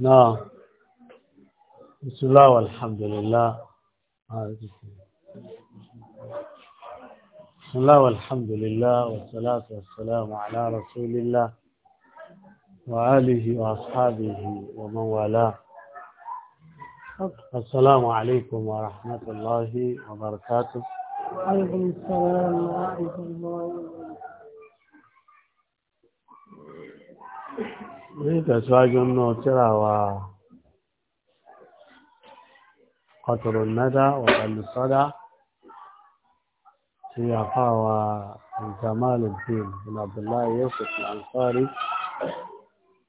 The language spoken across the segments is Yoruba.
نعم بسم الله والحمد لله بسم الله والحمد لله والصلاة والسلام على رسول الله وآله وأصحابه ومن والاه السلام عليكم ورحمة الله وبركاته وعليكم السلام ورحمة الله وبركاته ويتساجون نو تراوا قطر الندى وقل الصدى سياحا وكمال الدين بن عبد الله يوسف الانصاري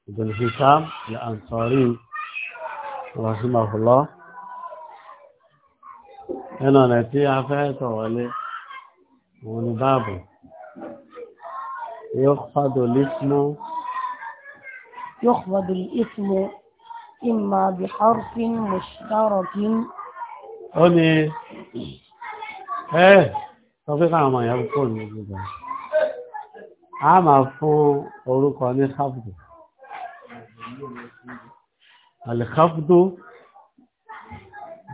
بن هشام الانصاري رحمه الله انا نتيا فاتو ولي ولي بابو يخفض الاسم يخفض الاسم إما بحرف مشترك هني ايه طبيعي عما يقول موجودا عما فو أوروكو عن الخفض الخفض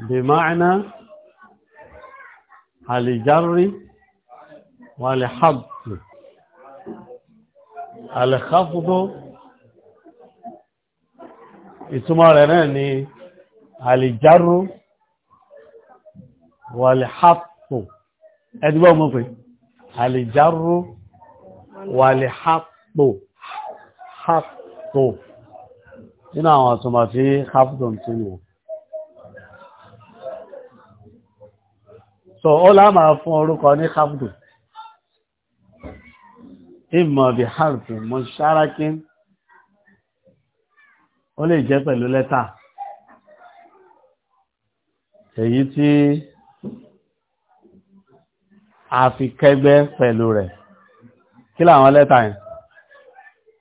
بمعنى الجر والحض الخفض ìtumọ̀ rẹ̀ náà ni àlìjárú wàlìhápù ẹgbẹ́ mú pé àlìjárú wàlìhápù hápù nínú àwọn àtùmọ̀ tí hápùtò tí ní so ó láàmà fún orúkọ ní hápùtò ìmọ̀ bí hápù mọ̀ ṣárákín ó lè jẹ́ pẹ̀lú lẹ́tà èyí tí a fi kẹ́gbẹ́ pẹ̀lú rẹ̀ kí làwọn lẹ́tà yẹn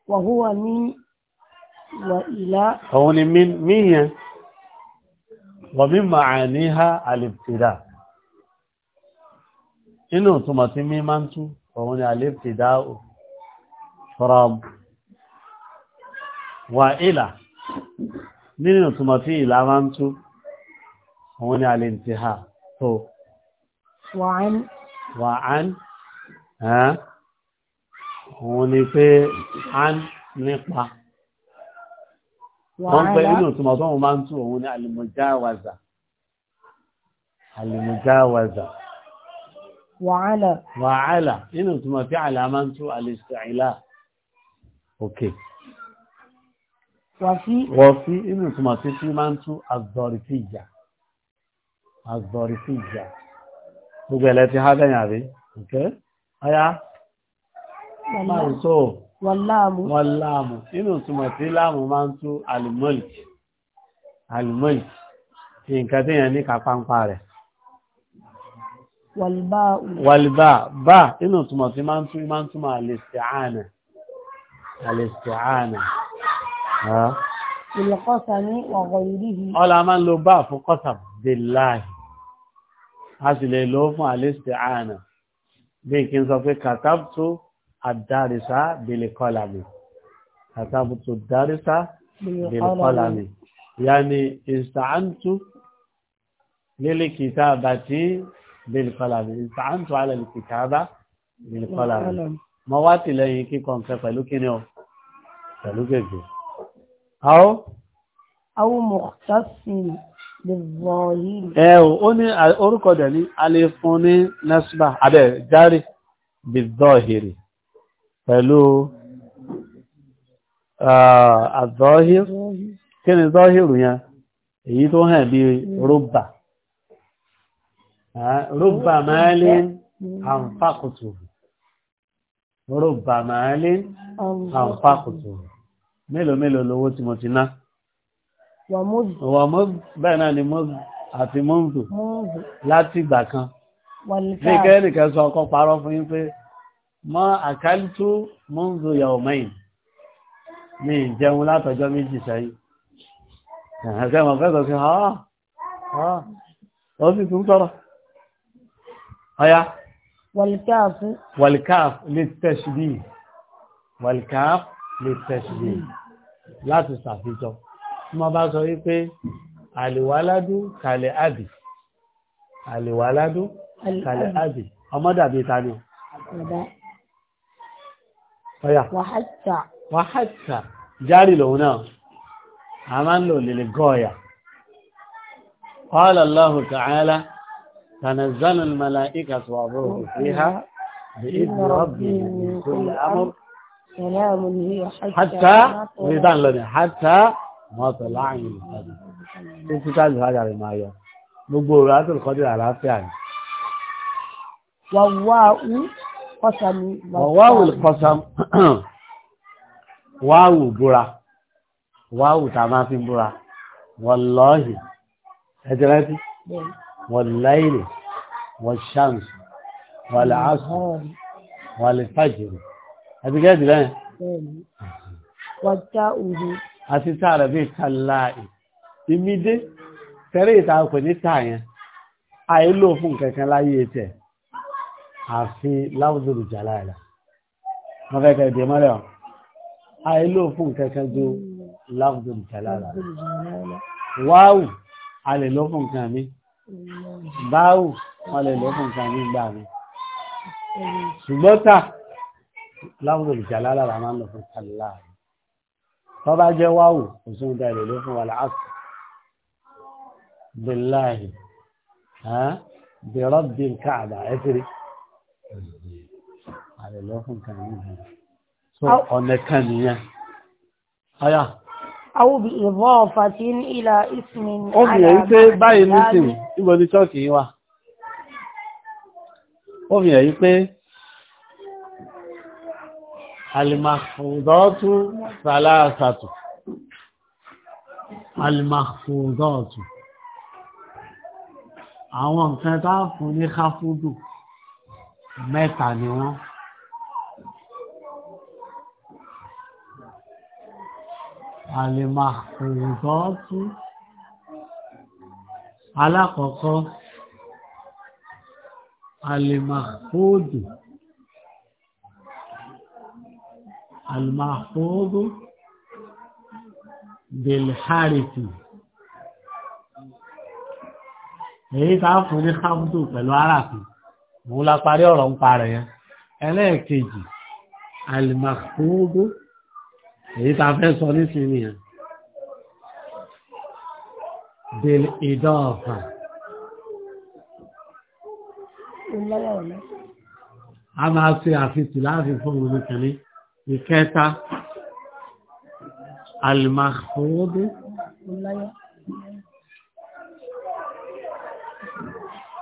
wàhúwà ní wà ìlà òun ni mí yẹn wàmí màá ní ha àlèpìdà inú túnmọ̀ tí mí máa ń tú òun ni àlèpìdà ò wà ìlà nínú túnmọ̀ tí ìlà máa ń tú àwọn ní alẹ́ ti ha tó wàán àwọn ni pé án nípa wọ́n pẹ́ nínú túnmọ̀ tó wọ́n máa ń tú òun ní alìmọ̀jáwàzà alìmọ̀jáwàzà wàhálà nínú túnmọ̀ tí àlà máa ń tú alìsìláà okay wọ̀fí inú ìtumọ̀ sí tí máa ń tú azọ̀rìfíjà azọ̀rìfíjà gbogbo ẹ̀lẹ́ ti há bẹ́yìn àrí ǹkẹ́ ọya máa ń tó wọ́n láàmù inú ìtumọ̀ tí láàmù máa ń tú alimọ́ìtì alimọ́ìtì ti nǹkan tí ní kápánpá rẹ̀ wàlbá bá inú ìtumọ̀ tí máa ń tú máa ń túmọ̀ alìsìáàna ìlọ́kọ́sàmí ọ̀gọ̀ ìrìhì. ọlá máa ń lo bá fún kọ́sàm billahi a sì lè lọ fún àlẹ́sẹ̀ àánà bí kí n sọ pé kàtàbùtù àdárisá bèlè kọ́làmì kàtàbùtù dárisá bèlè kọ́làmì yàní ìsàántù lílì kìtàbà tí bèlè kọ́làmì ìsàántù alẹ́ kìtàbà bèlè kọ́làmì mọ wá tìlẹ́yìn kíkọ nǹkan pẹ̀lú kíni ọ pẹ̀lú gègé àwọn. àwọn mọ̀tàsìn lè bọ̀ yìí. ẹ o ó ní orúkọ dẹ̀ ní alefun ní nasba abẹ jari bizọ́hìrì pẹ̀lú àzọ́hìrì kí ni zọ́hìrì yẹn èyí tó hàn bí mélòó mélòó lówó tí mo ti ná wà mọ́ bẹ́ẹ̀ náà ni mọ́ àti mọ́ǹdù láti ìgbà kan ní kẹ́ẹ̀nìkẹ́ sọ ọkọ̀ parọ́ fún yín pé mọ́ àkálítú mọ́ǹdù yàwó mẹ́yìn ní ìjẹun látọjọ́ méjì sẹ́yìn ẹ̀hẹ́sẹ́ mọ̀ fẹ́ sọ sí ọ́ ọ́ sì tún sọ̀rọ̀ ọ̀yá wàlìkáàfù lè tẹ̀sí bí wàlìkáàfù lè tẹ̀sí láti ṣàfihàn tí wọ́n bá sọ wípé àlèwáládú kàlẹ̀ àbì àlèwáládú kàlẹ̀ àbì ọmọ dàbí tani ọ̀yà wàhátà járì lòun náà a máa ń lò lè gọ́ọ̀yà قال الله تعالى تنزل الملائكة وروح فيها بإذن ربهم من كل أمر hátà ní ìdá ńlọ ni hátà mọ́tò láàyè ìfàdí tó ti káàlù fàdà rẹ̀ máa yọ gbogbo òru àti olùkọ́dé àlàáfíà ni. wàwáwù kọ́sàmù. wàwáwù kọ́sàmù wáwù búra wáwù tá a máa fi búra wàlọ́ọ̀hì ẹ̀jẹ̀ rẹ̀ ti wàlẹ́yìn wàṣàǹsì wàlẹ́ fàjìrì àti gẹ́ẹ̀dì lẹ́yìn wàjá òru àti tààrà bí kàláì ìmídé tẹ́rẹ́ ìtàkùn ní tààyàn àìlò fún kankan láyé tẹ̀ àfi láwùjọ́rù jàláàlá wọ́n fẹ́ kẹ́ ìdíyẹmọ́lẹ̀ ọ̀ àìlò fún kankan ju láwùjọ́rù jàláàlá wáwù a lè lọ fún nǹkan mi báwù wọ́n lè lọ fún nǹkan mi gbà mi ṣùgbọ́n tà láwùjọ ìjàlá lára máa ń lọ fún kàlá tó bá jẹ́ wáwù kò sí ohun dáìlè ló fún wa láàsì billahi bi rabbil káàdà ẹ ti rí àlè lọ fún kàlá nìyẹn so ọ̀nà kan nìyẹn ọ̀yà. àwọn ìbọn ọ̀fà tí ní ìlà ìsinmi ní àyà ó fi èyí pé báyìí nísìnyí níbo ni ṣọ́ọ̀kì yín wà ó fi èyí pé alìmàfùdọ́tù sàlásàtù alìmàfùdọ́tù àwọn nǹkan tá fún ní káfúdù mẹ́ta ni wọ́n alìmàfùdọ́tù alákọ̀ọ́kọ́ alìmàfùdọ́tù almahfudu bilhariti èyí tá fún ní hamdu pẹ̀lú aráàfin mú la parí ọ̀rọ̀ ń parẹ̀ yẹn ẹlẹ́ẹ̀kejì almahfudu èyí tá fẹ́ sọ nísìnyí yẹn bil idafa a máa ṣe àfitì láàfin fún òun الكتا المخفوض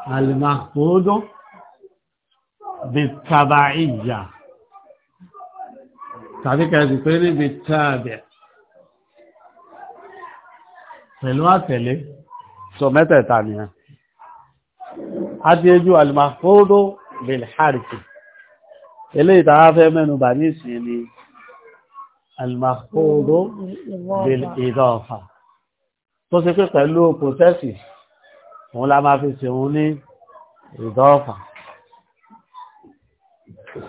المخفوض بالتبعية تعني كذا تقولي بالتابع فلو أتلي سو متى تانية أديجو المخوض بالحركة eléyìí tá a fẹ́ mẹ́nu bà ní ìsìn ni alimakodo bil idafa tó ṣe pé pẹ̀lú pòtẹ́sì òun la máa fi ṣeun ní idafa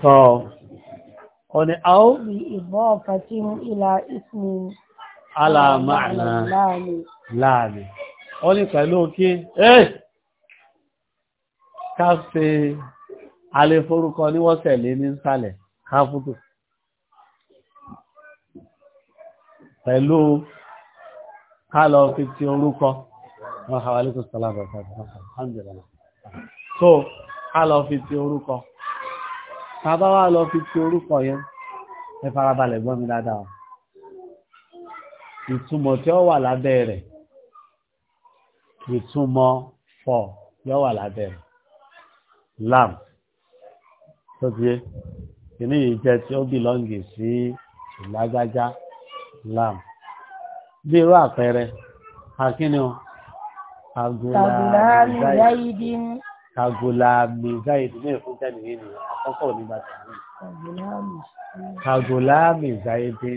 sọ ọ ni a ó bí idafa tí ìlà ismi alamana láàrin ọ ni pẹ̀lú kí ẹ́ ká a lè forúkọ ní wọ́n tẹ̀lé ní ìsàlẹ̀ káfútù pẹ̀lú kálọ̀ fi ti orúkọ wọ́n ha wà ní kòsìtàlá so kálọ̀ fi ti orúkọ tàbá wà lọ fi ti orúkọ yẹn ẹ farabalẹ̀ gbọ́ mi dáadáa ìtumọ̀ tí ó wà lábẹ́ rẹ̀ ìtumọ̀ fọ̀ yóò wà lábẹ́ rẹ̀ lam tó ti yé kìíní yìí jẹ́ tí ó bìlọ́ǹgì sí ìlágbájá lam bí irú àpẹẹrẹ akíní o kagolami zayidi ní èkó jẹ́ nìyí nìyí àkọ́kọ́ nígbà tàbí kagolami zayidi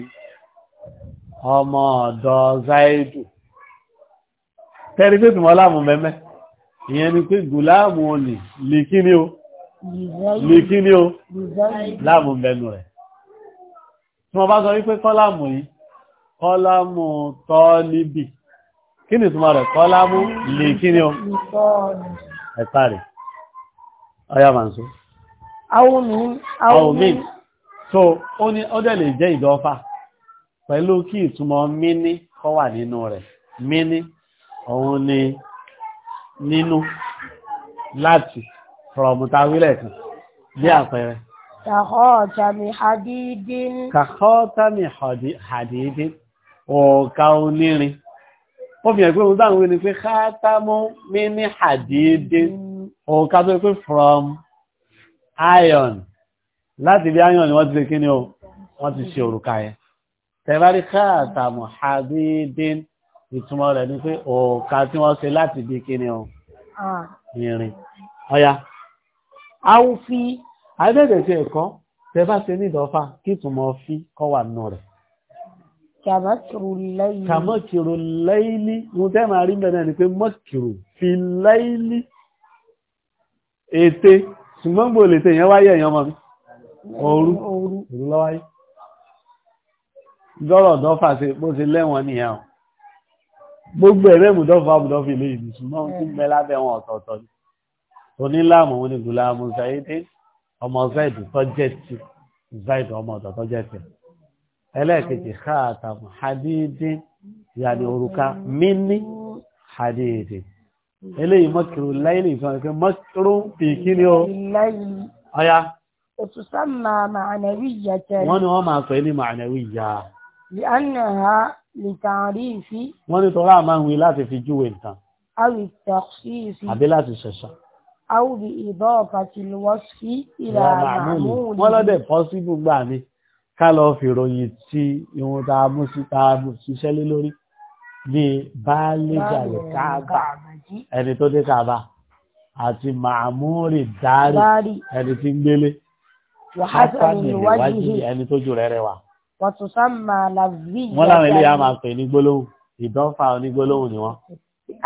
ọmọ ọ̀dọ̀ zayidu tẹ́rí pé tùmọ̀ láàmù mẹ́mẹ́ ìyẹn ni pé gùláàmù òní lè kí ni o lè kí ni o láàmù mẹ́nu rẹ̀ tí wọ́n bá sọ wípé kọ́láàmù yìí kọ́láàmù tọ́ níbi kí ni túnmà rẹ̀ kọ́láàmù lè kí ni o ẹ̀ta rẹ̀ ọya ma ń so aomi so ó ní ọdẹ lè jẹ́ ìdọ́fà pẹ̀lú kí ìtumọ̀ mini kọ́ wà nínú rẹ̀ mini òun ni nínú láti sọ̀rọ̀ mùta wílẹ̀ sí bí àpẹẹrẹ. kàkọ́ọ̀tàmì hadidin. kàkọ́ọ̀tàmì hadidin ọ̀ọ̀ka onírin ó fi ẹ̀gbẹ́ òun dáhùn ní pé khátámú mi ní hadidin ọ̀ọ̀ka tó pé from iron láti bí iron ni wọ́n ti lè kíni o wọ́n ti ṣe òrùka yẹn tẹ̀bárí khátámù hadidin ìtumọ̀ rẹ̀ ni pé ọ̀ọ̀ka tí wọ́n ṣe láti bí kíni o ah. irin ọ̀ya áwùfí àìbẹ̀bẹ̀sí ẹ̀kọ́ tẹ bá ṣe ní ìdọ́fà kí túnmọ̀ fi kọ́ wà nù rẹ̀ kàmọ́kìrò láìlí mú tẹ́ máa rí bẹ̀rẹ̀ ni pé mọ́kìrò fi láìlí ète ṣùgbọ́n gbò lè tẹ̀yàn wáyé ẹ̀yàn mọ́ orú lọ́wáyé gọ́rọ̀ dọ́fà sí bó ti lẹ́wọ̀n nìyàn gbogbo ẹ̀rẹ́mù dọ́fà àbùdọ́fà ilé ìdí ṣùgbọ́n tí mẹ́lábẹ́ wọn ọ̀tọ̀ọ̀tọ̀ ni onílàmù wọn ni gùlàmù zaidi ọmọ zaidi tọ́jẹ́ ti zaidi ọmọ ọ̀dọ̀ tọ́jẹ́ ti ẹlẹ́ẹ̀kejì káàtàmù hadidi yàní òrùka mini hadidi eléyìí mọ́kìrù láìlì ìfẹ́ ọ̀rẹ́kẹ́ mọ́kìrù pìkí ni ó ọya òtùsánmà màánàwíyà tẹ́lẹ̀ wọ́n ni wọ́n máa pẹ̀ ní màánàwíyà wọ́n ni tọ́lá máa ń wí láti fi júwe nǹkan àbí láti ṣẹ̀ṣà aw bi idafati al-wasfi ila ma'mul wọ́n lọ́dẹ̀ pọ́síbù gbà mí ká lọ fi ròyìn tí ìwọ̀n tá a mú sí tá a mú ṣiṣẹ́ lé lórí bí baálé jàlẹ̀ káàbà ẹni tó dé káàbà àti màmúrì dárì ẹni tí ń gbélé hasani ìwájú ẹni tó jù rẹ̀ wà. wọ́n láwọn ilé máa pè ní gbólóhùn ìdánfà onígbólóhùn ni wọ́n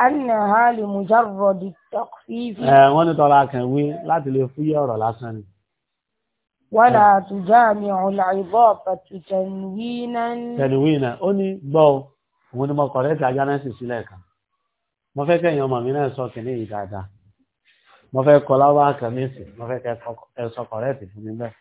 annaha li mujarradi at-takhfif. ẹ wọ́n ní tọ́lá kan wí láti lè fúyẹ́ ọ̀rọ̀ lásán ni. wala tujami'u al-'idhafa tanwinan. tanwinan ó ní gbọ́ òun ni mo kọ̀rẹ́ ti ajá náà sì sílẹ̀ kan mo fẹ́ kẹ́yìn ọmọ mi náà sọ kìnìún dáadáa mo fẹ́ kọ́ láwọn àkàmì sí mo fẹ́ kẹ́ sọ kọ̀rẹ́ ti fún mi bẹ́ẹ̀.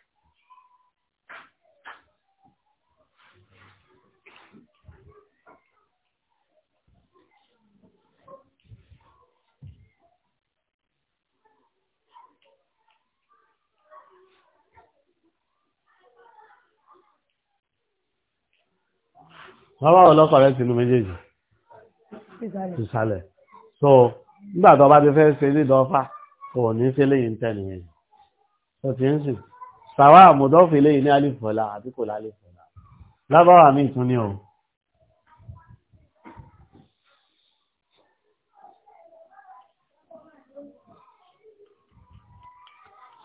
wọ́n wá ọlọ́kọ̀ rẹ̀ sínú méjèèjì ìsàlẹ̀ so nígbà tó bá ti fẹ́ ṣe ní dọ́fà kò ní ṣe léyìn tẹ́lẹ̀ yẹn tó ti ń sìn sàwá àmúdọ́fì léyìn ní alifọ̀lá àti kò lálifọ̀lá lábáwà mi tún ní o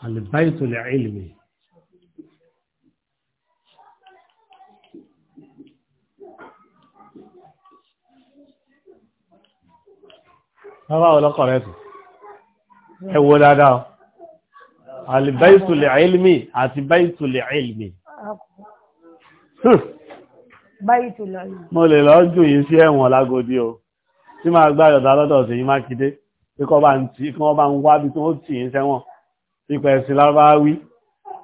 alìbáyìtò lè ilmi bábá ọlọ́kọ̀ rẹ̀ tù ẹ wo dáadáa alìbáìtùlẹ̀ ilmi àti báìtùlẹ̀ ilmi hmm. mo lè lọ jù yìí sí ẹ̀wọ̀n lágodi o tí máa gbá yọ̀dá lọ́dọ̀ sí yìí mákindé tí kọ́ bá ń tí kí wọ́n bá ń wá bí tí wọ́n tì yìí sẹ́wọ̀n ipẹ̀ sí lárúbáwí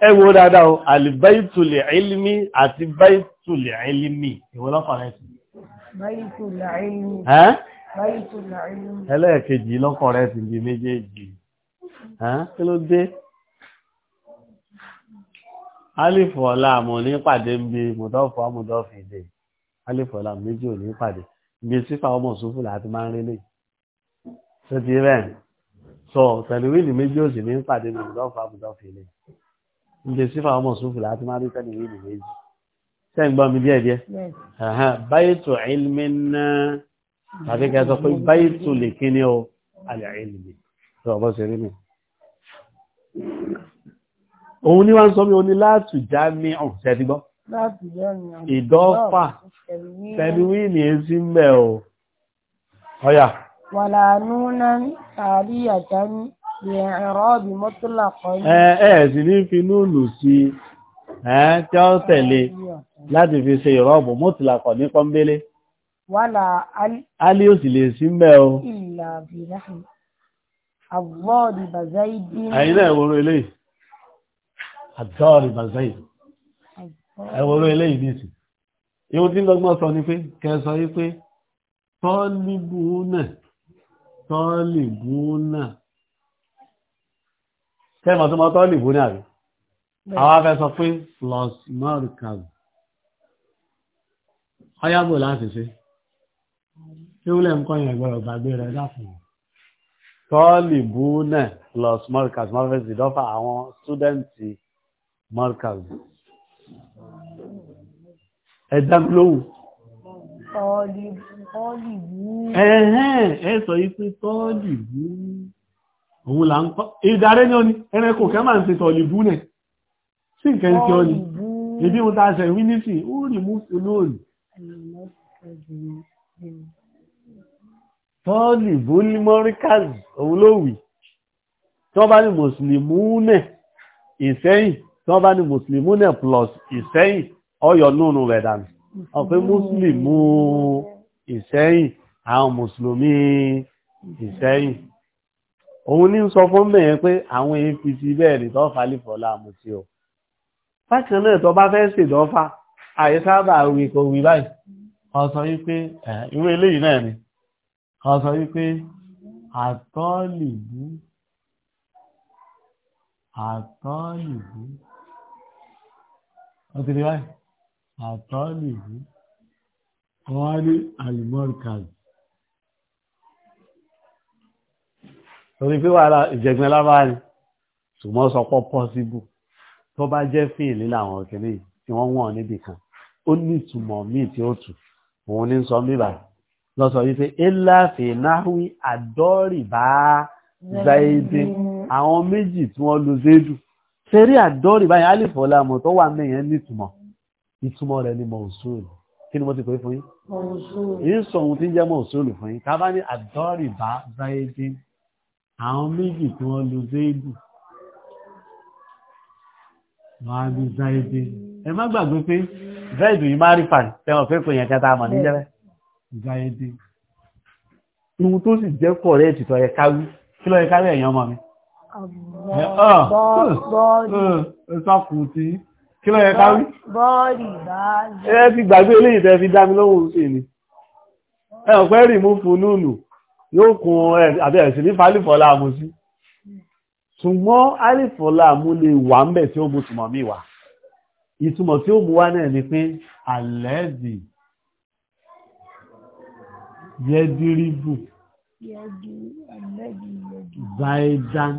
ẹ wo dáadáa o alìbáìtùlẹ̀ ilmi àti báìtùlẹ̀ ilmi ìwọ́lọ́kọ̀ rẹ̀ tù ẹlẹ́ẹ̀kejì lọ́kàn rẹ̀ ti di méjèèjì kí ló dé alifu ọ̀la àmọ̀ ní pàdé ń bí mọ̀dọ́fù ọmọdọ́fù ìdè alifu ọ̀la méjì ò ní pàdé ibi sífà ọmọ òṣùfù láti máa ń rí lè tó ti rẹ̀ sọ tẹ̀lúwìlì méjì ò sì ní pàdé mọ̀dọ́fù ọmọdọ́fù ìdè ibi sífà tàbí kí a sọ pé báyìí tó lè kí ní ọ alẹ́ẹ̀lẹ́gbẹ̀ tó ọ̀bọ̀ sí rí mi òun ní wá ń sọ mí o ní látù já ní ọ̀hún sẹ́dígbọ́ ìdọ́fà tẹniwí ní èsì mẹ́ o ọ̀yà wà láàánú náà tàbí àjá ní ẹ̀rọ ọ̀bì mọ́tòlá kọ́ ẹ̀ẹ̀sì ní fi núùlù sí ẹ̀ tí ó tẹ̀lé láti fi wàlà alí ò sì lè sí mẹ́ o ìlà bìláhì àbọ́ọ̀dì bàzáìdì ẹ̀yìn náà ẹ̀wọ̀rọ̀ eléyìí àbọ́ọ̀dì bàzáìdì ẹ̀wọ̀rọ̀ eléyìí nìsí yóò tí lọ́gbọ́n sọ ni pé kẹsọ yí pé tọ́lìbùúnà tọ́lìbùúnà kẹ́mọ̀ tó mọ́ tọ́lìbùúnà rí àwọn afẹ́ sọ láti ṣe tí ó lẹ́ nǹkan yẹn gbọ́dọ̀ gbàgbé rẹ̀ dákun. tọ́ọ̀lì búnẹ̀ plus markaz markaz ìdọ́fà àwọn sítúdẹ̀ǹtì markaz. ẹ dá mi lóhùn. tọ́ọ̀lì tọ́ọ̀lì búnẹ̀. ẹ̀hẹ́n ẹ sọ yìí pé tọ́ọ̀lì búnẹ̀. òun là ń kọ́ ìdarí ni ó ẹranko kẹ́ máa ń ṣe tọ́ọ̀lì búnẹ̀ sí nǹkan tí ó ìbí wọn ta ṣe ìwí nísìn ó rí mú olóòrì tọ́ọ̀lì bólímọ́ríkàzì òun ló wì tọ́ bá ní mùsùlùmúnẹ̀ ìsẹ́yìn tọ́ bá ní mùsùlùmúnẹ̀ plus ìsẹ́yìn ọyọ̀ núnú rẹ̀ dànù ọ̀pẹ́ mùsùlùmú ìsẹ́yìn àwọn mùsùlùmí ìsẹ́yìn òun ní sọ fún mẹ́yẹn pé àwọn apc bẹ́ẹ̀ ni tọ́ falífọ́lá àmútí o fákan náà tọ́ bá fẹ́ ṣèdọ́fà àyíká bá wí kò wí báyìí kan sọ wípé irú eléyìí náà ni kan sọ wípé àtọ́lìbú àtọ́lìbú wọ́n ti rí báyìí àtọ́lìbú wọ́n ní alimọ́rìkàz torí pé wàhálà ìjẹ̀gbẹ́ lábáà ni ṣùgbọ́n sọ pọ́ pọ́síbù tó bá jẹ́ fíìlì làwọn òkèlè tí wọ́n wọ̀n níbì kan ó ní ìtumọ̀ míì tí ó tù òun ní sọ bíbà lọ sọ wípé eláfẹ náhùí àdọrìbá zaidi àwọn méjì tí wọ́n lu zaidu ṣeré àdọrìbá yẹn alifọlámọ tó wà mẹyẹn nítumọ̀ ìtumọ̀ rẹ̀ ni mọ̀ọ́sùlù kí ni mo ti pè fún yín yìí sọ ohun tí zaidi àwọn méjì tí wọ́n zaidi ẹ má gbàgbé pé zaidu yìí máa rí fàní tẹ́wọ̀n pé kò yẹn kẹta mọ̀ ní jẹ́rẹ́ ìgbàyẹ̀dẹ̀ ohun tó sì jẹ́ pọ̀ rẹ̀ ètìtọ̀ yẹ káwí kí lọ yẹ káwí ẹ̀yàn ọmọ mi ni ẹ ọ̀pẹ́ rì mú fún núùlù yóò kun àbí ẹ̀sìn ní fálífọ́lá mú sí ṣùgbọ́n alífọ́lá mú lè wà ń bẹ̀ tí ó mú tùmọ̀ mí wà ìtumọ̀ tí ó mú wá náà ni pé àlẹ́dì yẹ́dìrìbù zaidan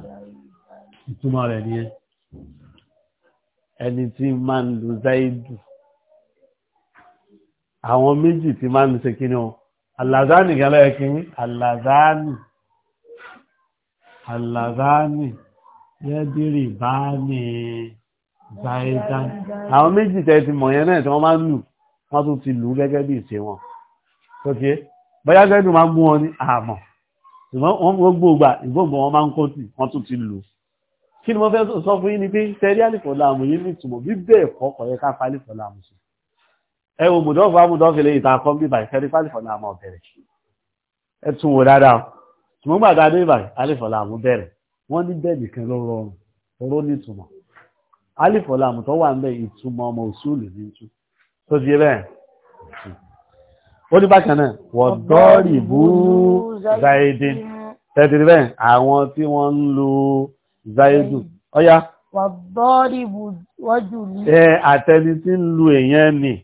ìtumọ̀ rẹ̀ ni ẹni tí máa ń lo zaidu àwọn méjì tí máa ń ṣe kí ni ọ alàzánì gẹ́lẹ́ ẹkìní alàzánì alàzánì yẹ́dìrì bá zaidan àwọn méjì tẹ́ ti mọ̀ yẹn náà tí wọ́n máa ń lù wọ́n tún ti lù gẹ́gẹ́ bí ìṣe wọn tó kí bóyá gẹ́gẹ́ máa ń mú wọn ní àmọ̀ ṣùgbọ́n wọ́n gbogbo ìgbà ìgbòǹgbò wọn máa ń kó tì wọ́n tún ti lù kí ni mo fẹ́ sọ fún yín ni pé tẹ́rí àlìfọ̀ làmù yìí ní ìtumọ̀ bí bẹ́ẹ̀ kọ́ kọ̀ yẹ ká fa àlìfọ̀ làmù sí ẹ wo mùdọ́fù amúdọ́fù lè ta kọ́ bí báyìí tẹ́rí fàlìfọ̀ làmù ọ̀bẹ̀rẹ̀ ẹ tún wò dáadáa ṣùgbọ́n gbàdá dé báyìí àlìfọ̀ làmù bẹ̀rẹ̀ wọ́n ní bẹ́ẹ̀ nìkan ló rọrùn oró nítumọ̀ alifọ̀láàmù tó wà ń bẹ ìtumọ̀ ọmọ òṣùlù ní tú tó di bẹ́ẹ̀ ó ní bákan náà wọ̀dọ́rì bú zaidin tẹ́tìrì bẹ́ẹ̀ àwọn tí wọ́n ń lo zaidu ọya wọ̀dọ́rì bú wọ́jú ní ẹ àtẹni tí ń lu èèyàn ni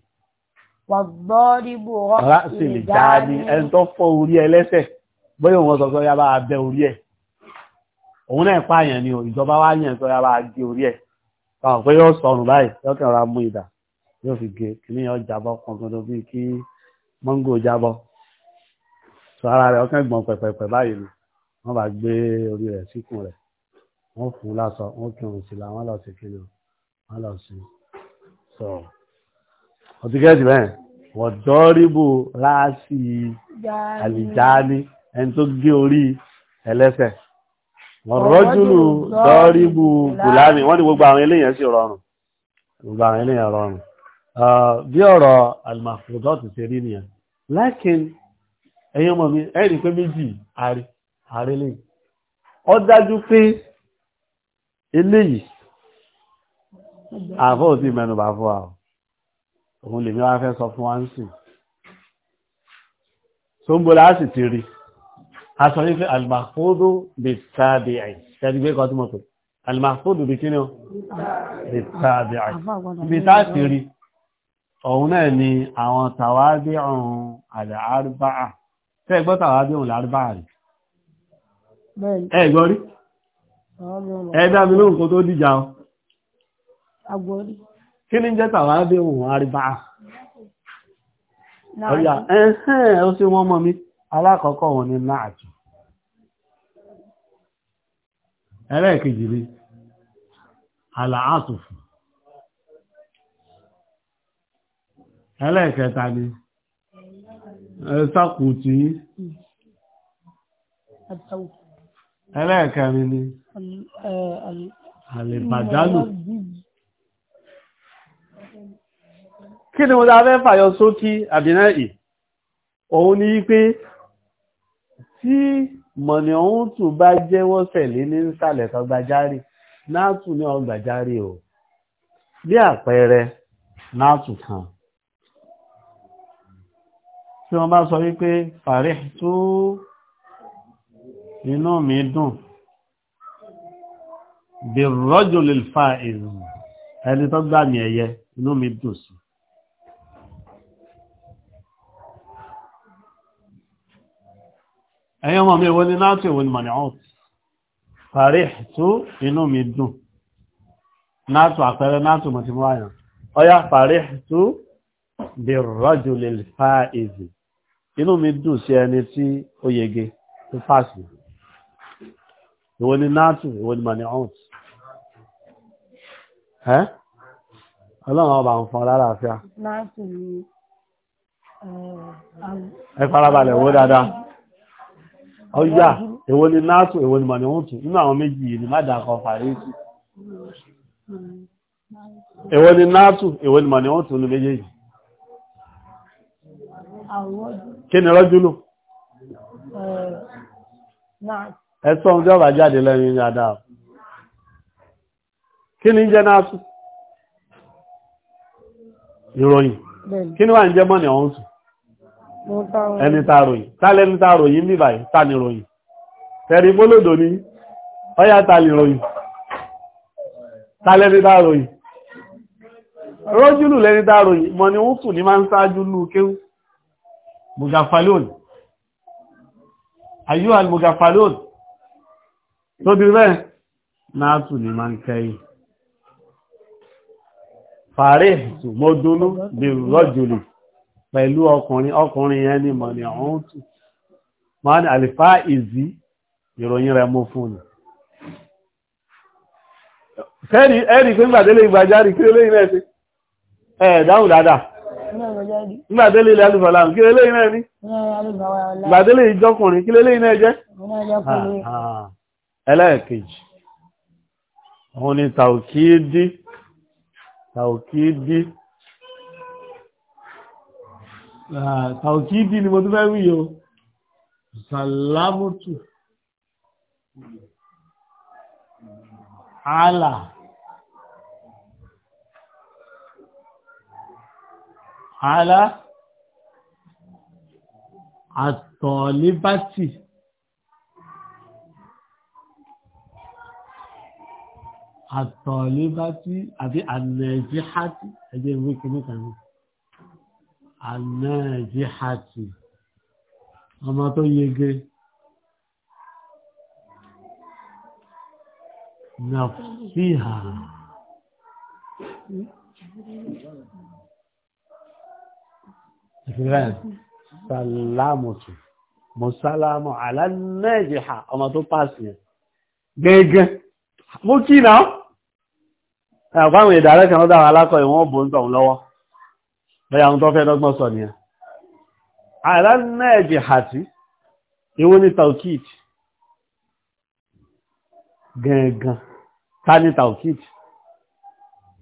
wọ̀dọ́rì bú rọ́ọ̀sì lè já ní ẹni tó fọ́ orí ẹlẹ́sẹ̀ bóyá òun sọ sọ yá abẹ orí ẹ̀ òun náà pààyàn ni ìjọba wá yàn sọ yá bá gé orí káwọn pé yóò sọnù báyìí yóò kàn ra mú ìdà yóò fi gé kìíní yóò jábọ́ pọnpọnpọ bíi kí mọ́ngò jábọ́ sọ ara rẹ̀ ọkàn gbọ̀n pẹ̀pẹ̀pẹ̀ báyìí ni wọ́n bá gbé orí rẹ̀ síkùn rẹ̀ wọ́n fún un lásọ wọ́n kírun sí la wọ́n lọ sí kírun wọ́n ọ̀rọ̀jùlù dọ́ríbù gùlámì wọ́n ní gbogbo àwọn eléyàn sí rọrùn gbogbo àwọn eléyàn rọrùn bí ọ̀rọ̀ alìmọ̀fòdọ́ ti ṣe rí nìyàn lákín ẹ̀yìn ọmọ mi ẹ̀rì pé méjì ààrẹ lè ọ dájú pé eléyìí àfọ́ ò sí mẹ́nubà fún òun lèmi wá fẹ́ sọ fún wáńsì tó ń bọ́ láti ti rí a sọ wípé almahfudu bí sábẹ̀ẹ́ ṣẹ́dí gbé kọtí mọ́tò almahfudu bí kíní bí sábẹ̀ẹ́ bí sáàtì rí ọ̀hun náà ni àwọn tàwádé ọ̀run àlàárbáà tẹ́ gbọ́ tàwádé ọ̀run àlàárbáà rí ẹ gbọ́ rí ẹ dá mi lóhùn tó dìjà ọ kí ni jẹ́ tàwádé ọ̀run àlàárbáà ọ̀yà ẹ̀hẹ́ ó sì wọ́n alákọ̀ọ́kọ́ wọn ni náàtù ẹlẹ́ẹ̀kejì rí àlàátùfù ẹlẹ́ẹ̀kẹta ni ẹ̀sàkùtì ẹlẹ́ẹ̀kẹrin ni àlèbàdálù kí ni mo dá fẹ́ fàyọ sókí àbínáì òun ni wípé tí mọ̀nì ọ̀hún tún bá jẹ́wọ́ tẹ̀lé ní ìsàlẹ̀ kan gbajárì náà tún ní ọgbà o bí àpẹẹrẹ náà tún kan tí wọ́n bá sọ wípé fàrí tó inú mi dùn bí rọ́jò lè fa èrò ẹni tó gbà mí ẹ̀yẹ inú mi dùn sí ẹ̀yọ́ mọ̀ mi wo ni láti wo ni mani'ut farihtu inú mi dùn nátù àpẹẹrẹ nátù mọ̀ ti mú àyàn ọya farihtu birrajulil faiz inú mi dùn sí ẹni tí ó yege tó fásì ẹ farabalẹ̀ wó dáadáa ọjà èwo ni náàtù èwo ni mọ̀nìwòtù inú àwọn méjì yìí ni má dákọ fàríṣì èwo ni náàtù èwo ni mọ̀ ní méjèèjì kí ni rọ́júlù ẹ̀sọ́ ọjọ́ ọba jáde lẹ́yìn ní àdáà kí ni jẹ́ náàtù ìròyìn kí ni wà ń jẹ́ mọ́nìwòtù ẹni tá ròyìn tálẹ́ ní tá ròyìn ní báyìí tàní ròyìn tẹ̀rí gbólódò ní ọyá tàlì ròyìn tálẹ́ ní tá ròyìn rọ́júlù lẹ́ni tá ròyìn mọ̀ ni wúsù ní máa ń sáájú lú kéwú mugafalon ayú al mugafalon tó bí rẹ̀ náà tù ní máa ń mọ́dúnú bí rọ́júlù pẹ̀lú ọkùnrin ọkùnrin yẹn ni mọ̀nì ọ̀hún tù máa ní àlìfá ìzí ìròyìn rẹ̀ mú fún ni ẹ̀rì pé ìgbàjárì kí lélẹ́yìn náà sí ẹ̀ dáadáa ńgbàdélé ilẹ̀ alùfàlàmù kí lélẹ́yìn náà ní ńgbàdélé ìjọkùnrin kí lélẹ́yìn náà jẹ́ ẹlẹ́ẹ̀kejì òun ni tàòkì dí tàòkì dí tàùkìdì ni mo tún fẹ́ wí o sàlámùtù àlà àlà àtọ̀lébátì àtọ̀lébátì àti ànẹ̀jíhátì ẹgbẹ́ ìwé kìnnìkan náà anáàjíhàtì ọmọ tó yege nàfíhà ìfìrẹ́ sàlámùtù mọ̀sálámù aláàjíhà ọmọ tó pàṣì gẹ́gẹ́ mú kí náà ẹ̀kọ́ àwọn ìdàrẹ́kẹ̀ lọ́dá alákọ̀ ìwọ̀n bò ń tọ̀ lọ́wọ́ bẹ́yà ń tọ́fẹ́ dọ́gbọ́n sọ ni àìlá náà jẹ àti ìwọ ni taukit gangan ta ni taukit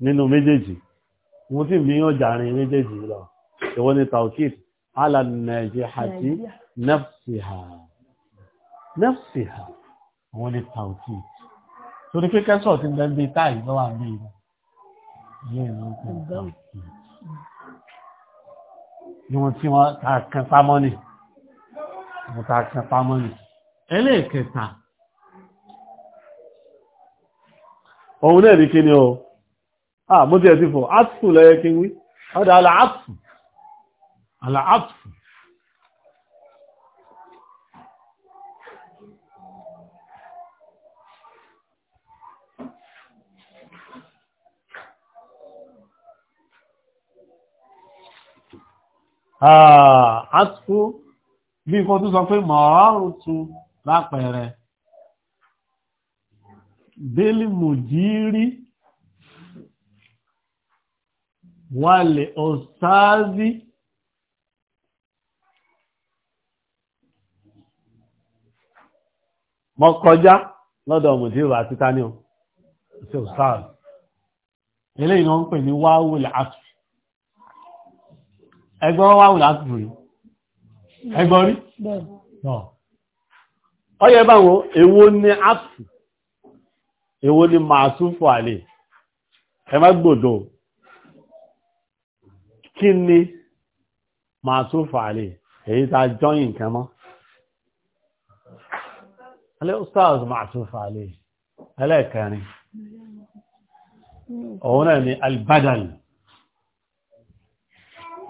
nínú méjèèjì mú tí bí yóò jàrin méjèèjì lọ ìwọ ni taukit àìlá náà jẹ àti nafsiha nafsiha wọ́n ni taukit torí pé kẹ́sọ̀ ti ń bẹ́ bí táì lọ́wà bí ilé ìlú níwọ̀n tí wọ́n tààkàn pamọ́ nì wọ́n tààkàn pamọ́ nì ẹlẹ́ẹ̀kẹta òun náà ní kí ni ọ ah mo ti ẹ̀ ti fọ̀ áàtù lẹ́yẹ kí wí ọ̀dà aláàtù àtúkú bí kò tún sọ pé mọ̀ọ́rùn tún lápẹẹrẹ bílì mùjírí wàlẹ̀ ọ̀sáàzí mọ́ kọjá lọ́dọ̀ mùjírí àti tánìọ̀ sí ọ̀sáàzí eléyìn wọ́n ń pè ní wáwùlẹ̀ àtúkú ẹgbọ́n wá wù láti rí ẹgbọ́n rí ọyẹ báwo èwo ni ápù èwo ni máa tún fò àlè ẹ má gbòdò kí ni máa tún fò àlè èyí ta jọyìn nǹkan mọ́ alẹ́ ustaz máa tún fò àlè ẹlẹ́ẹ̀kẹrin òun ni albadal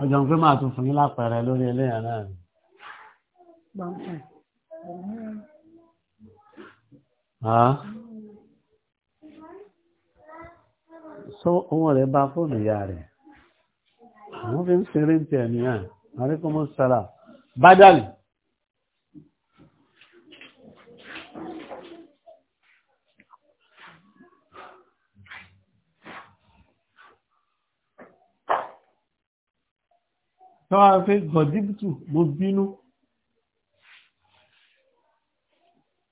ọjọ́ pé máa tún fún yín lápẹẹrẹ lórí eléyàn náà ni. so ohun rẹ̀ bá fóònù ìyá rẹ̀ àwọn fi ń ṣeré ń tẹ̀ ní àríkọ́mọ́sára bájálì tọ́wọ́ pé gọ̀díbùtù mo bínú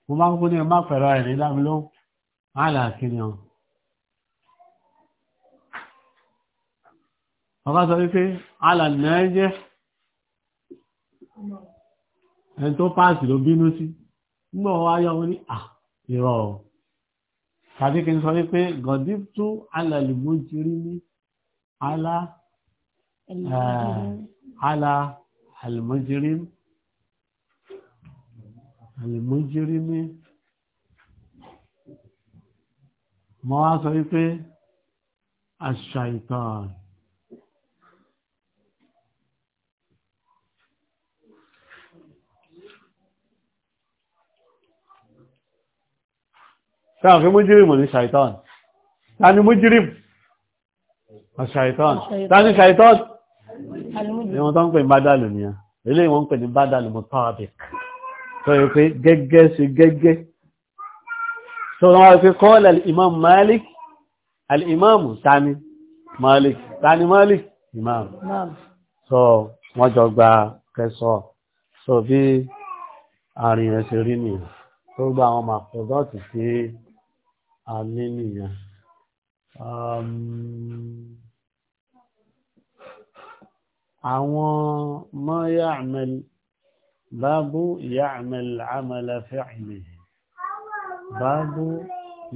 mo máa ń kó ní ẹmá pẹ̀lú ẹ̀rí dámi ló aláàkí ni ọ̀n ọba sọ wípé alànà jẹ́ ẹni tó páàsì ló bínú sí nígbà wọ́n wáyọ́ wọn ní à ah, ìrọ̀ tàbí kí n sọ wípé gọ̀díbùtù alàlùmọ́ jírí ní alá على المجرم المجرم مواصفه الشيطان sáàfin mújírìmù ní ṣàìtàn. ta ni mújírìmù? ṣàìtàn. ta ni ṣàìtàn? ìwọ̀n tó ń pè ní bádàlù ni ilé ìwọ̀n ń pè ní bádàlù mutabiq tó yẹ pé gẹ́gẹ́ sí gẹ́gẹ́ tó wọ́n so wọ́n jọ gba so bí àrin ẹ̀ṣẹ̀ rí ni tó gba àwọn mafọ́gọ́tì sí àmì nìyàn um, àwọn mọ́ ya'mal bábú ya'mal 'amala fi'lihi bábú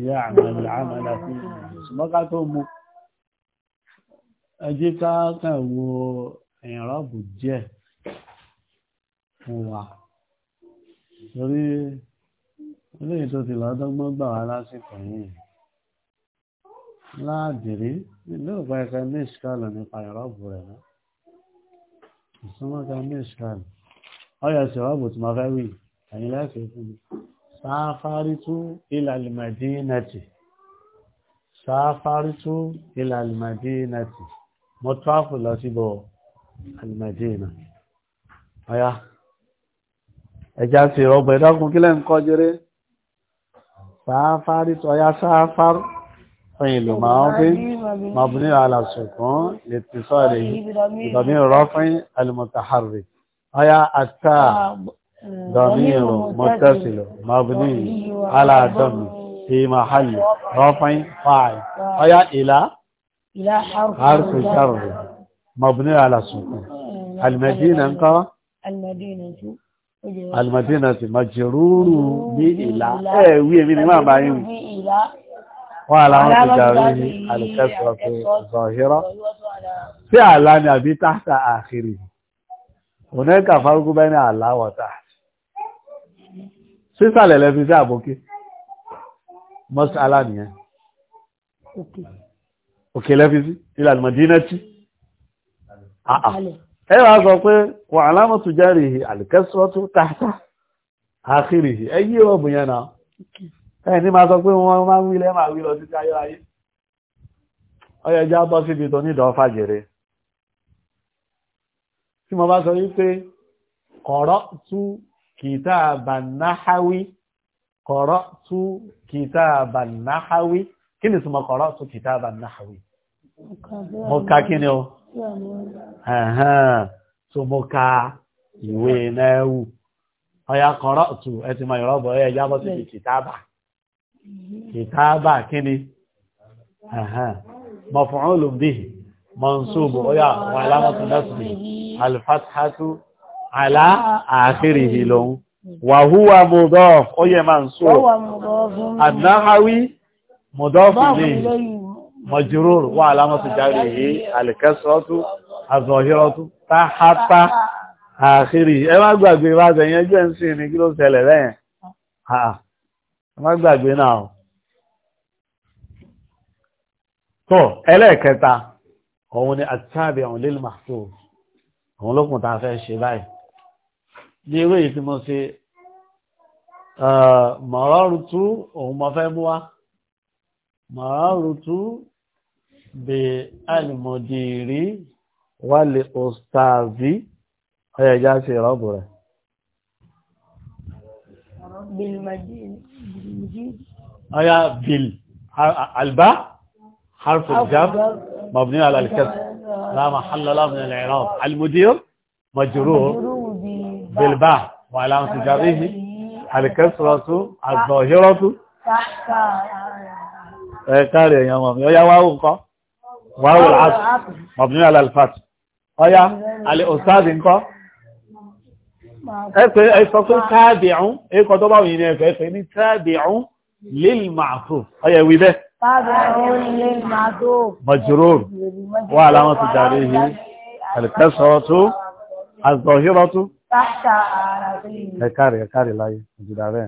ya'mal 'amala fi'lihi ṣùgbọ́ká tó mú ẹjí ká kàn wo ìrọ́bù díẹ̀ fún wa torí ilé ètò ti lọ́dọ́gbọ́n gbà wá lásìkò yìí láàdìrí nílùú pẹ̀kẹ́ ní ìṣkálọ̀ nípa ìrọ́bù rẹ̀ náà ìsúnmọ́ta ní ìṣàlù ọyọ̀ ṣèwọ́bù tí ma fẹ́ wí ẹ̀yìn lẹ́fẹ̀ẹ́ fún mi sáfáritú ìlàlìmọ̀dínẹ̀tì sáfáritú ìlàlìmọ̀dínẹ̀tì mo tráfù lọ síbọ̀ alìmọ̀dínà ọyá ẹjá sí ọgbẹ̀dọ́kùn kílẹ̀ ń kọjúrí sáfáritú ọyá sáfáritú فعل ماضي مبني على سكون لاتصاله بضمير رفع المتحرك أي التاء ضمير متصل مبني على ضم في محل رفع فاعل أي إلى إلى حرف حرف شر مبني على السكون المدينة انقرا المدينة المدينه مجرور بإلى ايه وي مين ما باين wọ́n aláwọ̀ ti jàrí alìkẹ́sọ̀ fi zọ̀hírọ́ sí àlá ni àbí tàtà àkìrì ònẹ́kà farúgú bẹ́ ní àláwọ̀ tàà sísàlẹ̀ lẹ́fi sí àbókí mọ́sí alá nìyẹn òkè lẹ́fi sí ìlànà mọ̀dínẹ́tì ẹwà sọ pé wọ́n aláwọ̀ ti jàrí alìkẹ́sọ̀ tó tàtà àkìrì ẹyí ọ̀bùn yẹn náà ẹ̀ ní máa sọ pé wọ́n máa ń wí lẹ́ máa wí lọ títí ayérayé ọyọ ẹja bọ́ síbi tó ní ìdánwò fàjèrè tí mo bá sọ wípé kọ̀rọ̀ tú kìtà bànáháwí kọ̀rọ̀ tú kìtà bànáháwí kí ni súnmọ́ kọ̀rọ̀ tú kìtà bànáháwí mo ka kí ni o so mo ka ìwé náà wù ọya kọ̀rọ̀ tú ẹ ti mọ ìrọ́bọ̀ ọyọ bọ́ síbi kìtà bànáháwí kìtàbà kíni mọ̀fùnrún bihi mọ̀nsúbù ó yà wà alámọ́tù lásìlì alfàtàtù alá àkírí ìlòun wà húwà mọ̀dọ́f ó yẹ máa ń sọ àdáháwí mọ̀dọ́f ní mọ̀júrúr wà alámọ́tù járe yìí alìkẹsọ́tù azọ̀hírọ́tù táhátá àkírí ẹ má gbàgbé má gbàgbé náà tó ẹlẹ́ẹ̀kẹta òun ni àtàbí àwọn lílù màtó òun lókùn tá a fẹ́ ṣe báyìí ní ewé yìí tí mo ṣe mọ̀rọ̀rùtú òun mọ̀ fẹ́ mú wá mọ̀rọ̀rùtú bí alìmọ̀dìrí wà lè ọ̀stàzí ọyẹ̀já ṣe rọ́bù rẹ̀ بالمجيد آه بال الباء حرف الجر مبني على الكسر لا محل له من الاعراب المدير مجرور بالباء وعلامه جره الكسره الظاهره تحت إيه، يا مامي يا واو واو العطف مبني على الفتح ايا الاستاذ انكو ẹ sọ pé tábìrún ẹkọ tó bá wùnyìn ẹ̀fẹ́ ẹ̀fẹ́ ní tábìrún lil ma'ruf ọyẹ̀ wí bẹ́ majrur wà aláwọ̀ tó jàrí